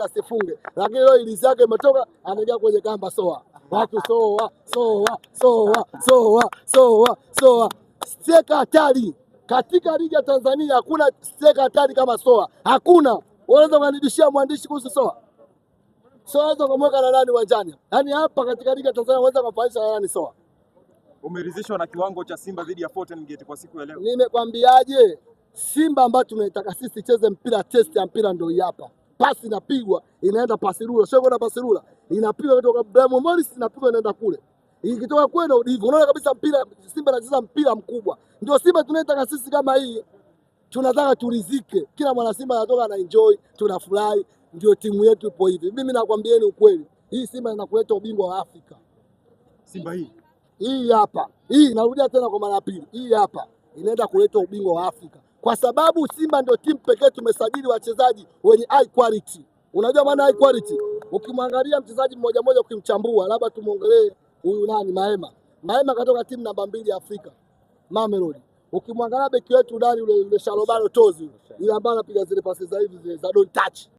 mpaka sifunge, lakini leo ilizi yake imetoka, anaingia kwenye kamba. Soa watu, soa soa soa soa soa soa, steka hatari katika ligi ya Tanzania. Hakuna steka hatari kama Soa, hakuna. Unaweza kunidishia mwandishi kuhusu Soa? Soa unaweza kumweka na nani uwanjani? Yaani hapa katika ligi ya Tanzania unaweza kumfananisha na nani Soa? Umeridhishwa na kiwango cha Simba dhidi ya Fountain Gate kwa siku ya leo? Nimekwambiaje, Simba ambayo tunaitaka sisi cheze mpira, test ya mpira ndio hapa pasi inapigwa inaenda pasirula, sio kwenda pasirula, inapigwa kutoka Brahim Morris inapigwa inaenda kule, ikitoka kwenda hivi, unaona kabisa mpira. Simba anacheza mpira mkubwa, ndio Simba tunaitaka sisi. Kama hii tunataka turizike, kila mwana Simba anatoka na enjoy, tunafurahi, ndio timu yetu ipo hivi. Mimi nakwambieni ukweli, hii Simba inakuleta ubingwa wa Afrika. Simba hii hii hapa, hii narudia tena kwa mara ya pili, hii hapa inaenda kuleta ubingwa wa Afrika kwa sababu Simba ndio timu pekee tumesajili wachezaji wenye high quality. Unajua maana high quality, ukimwangalia mchezaji mmoja mmoja, ukimchambua, labda tumuongelee huyu nani, Maema. Maema katoka timu namba mbili ya Afrika Mamelodi. Ukimwangalia beki wetu ndani yule yule Shalobalo Tozi yule ambaye anapiga zile pasi za hivi za don't touch